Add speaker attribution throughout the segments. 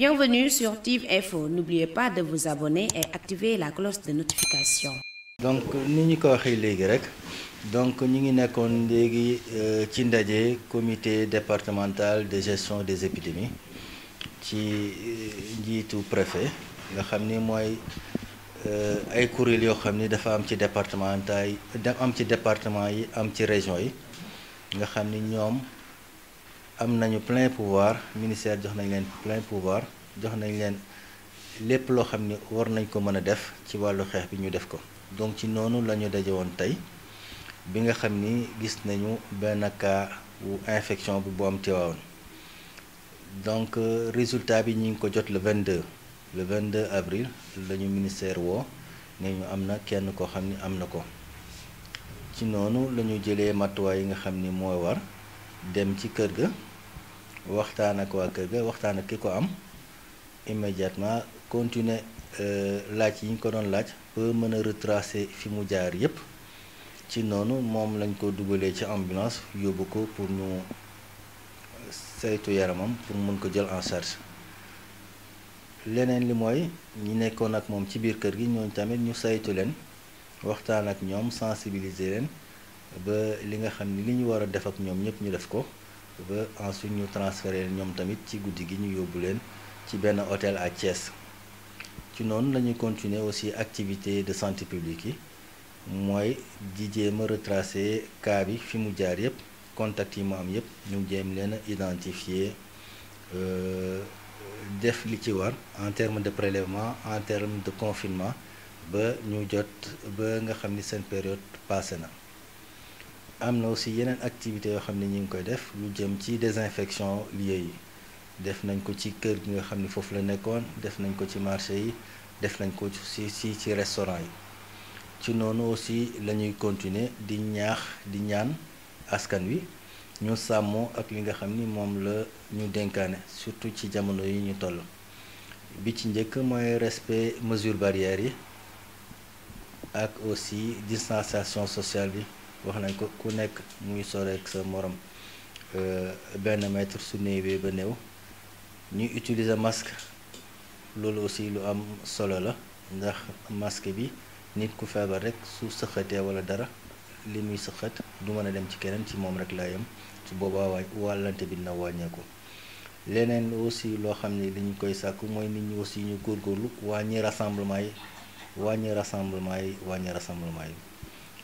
Speaker 1: Bienvenue sur Team Info. N'oubliez pas de vous abonner et activer la cloche de notification.
Speaker 2: donc nous sommes ko donc nous ngi euh, comité départemental de gestion des épidémies ci le euh, préfet nga xam ni un euh, ay kuréel yoo xam un dafa am ci départemental yi am département am am nañu plein pouvoir ministère jox nañ leen plein pouvoir jox nañ leen lépp loo xam ni war nañ ko mën a def ci wàllu xeex bi ñu def ko donc ci noonu la ñu daje woon tey bi nga xam ni gis nañu benn cas wu infection bu bu am Tivaouane donc euh, résultat bi ñu ngi ko jot le 22 le 22 avril la ñu ministère woo ne ñu am na kenn koo xam ni am na ko ci noonu la ñu jëlee matuwaay yi nga xam ni mooy war dem ci kër ga waxtaan ak waa kër ga waxtaan ak ki ko am immédiatement continuer euh, laaj yi ñu ko doon laaj ba mën a retracer fi mu jaar yépp ci noonu moom lañ ko dugalee ci ambulance yóbbu ko pour ñu saytu yaramam pour mën ko jël en charge leneen li mooy ñu nekkoon ak moom ci biir kër gi ñooñu tamit ñu saytu leen waxtaan ak ñoom sensibiliser leen ba li nga xam ni li ñu war a def ak ñoom ñépp ñu def ko ba ensuite nous transféré ñom tamit ci guddi gi ñu yóbbu ci benn hôtel à Thiès ci non la continuer aussi activité de santé publique moy mooy me retracer ka bi fi mu jaar yépp contact yi mu am yépp ñu jëm leen identifier identifier euh, def li ci war en terme de prélèvement en terme de confinement ba ñu jot ba nga xamni sen période passé na amna aussi yenen activité yo xamni ñing koy def lu jëm ci désinfection lieux yi def nañ ko ci kër gi nga xam la nekkoon def nañ ko ci marché yi def nañ ko ci ci ci restaurant yi ci noonu aussi lañuy continuer di ñaax di ñaan askan wi ñu sàmmoo ak li nga xam ni moom la ñu dénkaane surtout ci jamono yi ñu toll bi ci njëkk mooy respect mesures barrière yi ak aussi distanciation sociale bi wax nañ ko ku nekk muy soreek sa morom euh, benn mètre su néewee ba néew ñu utiliser masque loolu aussi lu am solo la ndax masque bi nit ku feebar rek su sëqatee wala dara li muy sëqat du mën a dem ci keneen ci moom rek laa yem su boobaa waay wàllante bi na wàññeeku leneen aussi loo xam ne li ñu koy sàkku mooy nit ñi aussi ñu góorgóorlu wàññi rassemblement yi wàññi rassemblement yi wàññi rassemblement yi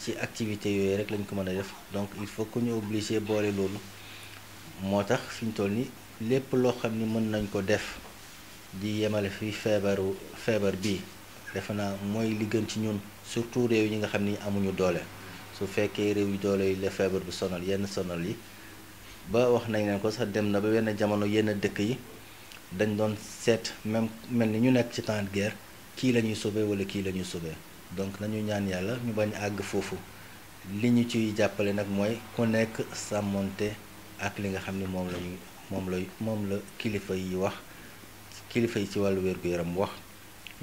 Speaker 2: ci activités yooyu rek lañ ko mën a def donc il faut que ñu obligé boole loolu moo tax fi ñu toll nii lépp loo xam ni mën nañ ko def di yemale fi feebaru feebar bii defe naa mooy li gën ci ñun surtout réew yi nga xam ni amuñu doole su fekkee réew yu doole yi feebar bu sonal yenn sonal yi ba wax nañ leen ko sax dem na ba benn jamono yenn dëkk yi dañ doon seet même mel ni ñu nekk ci temps de guerre kii la ñuy sauver wala kii lañuy sobee donc nañu ñaan yàlla ñu bañ àgg foofu li ñu ciy jàppale nag mooy ku nekk sàmmonte ak li nga xam ni moom lañu moom la kilifa yi wax kilifa yi ci wàllu wér-gu-yaram wax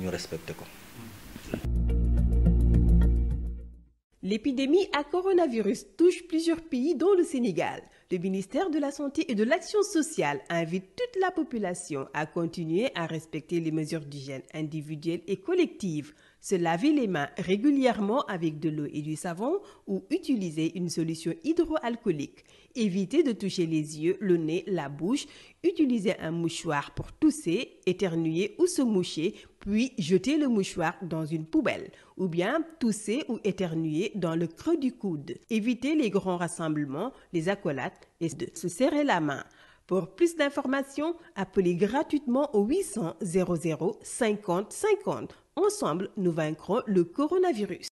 Speaker 2: ñu respecté ko
Speaker 1: L'épidémie à coronavirus touche plusieurs pays dont le Sénégal. Le ministère de la Santé et de l'Action sociale invite toute la population à continuer à respecter les mesures d'hygiène individuelles et collectives, se laver les mains régulièrement avec de l'eau et du savon ou utiliser une solution hydroalcoolique, éviter de toucher les yeux, le nez, la bouche, utiliser un mouchoir pour tousser, éternuer ou se moucher puis jeter le mouchoir dans une poubelle, ou bien tousser ou éternuer dans le creux du coude. Évitez les grands rassemblements, les accolades et de se serrer la main. Pour plus d'informations, appelez gratuitement au 800 00 50 50. Ensemble, nous vaincrons le coronavirus.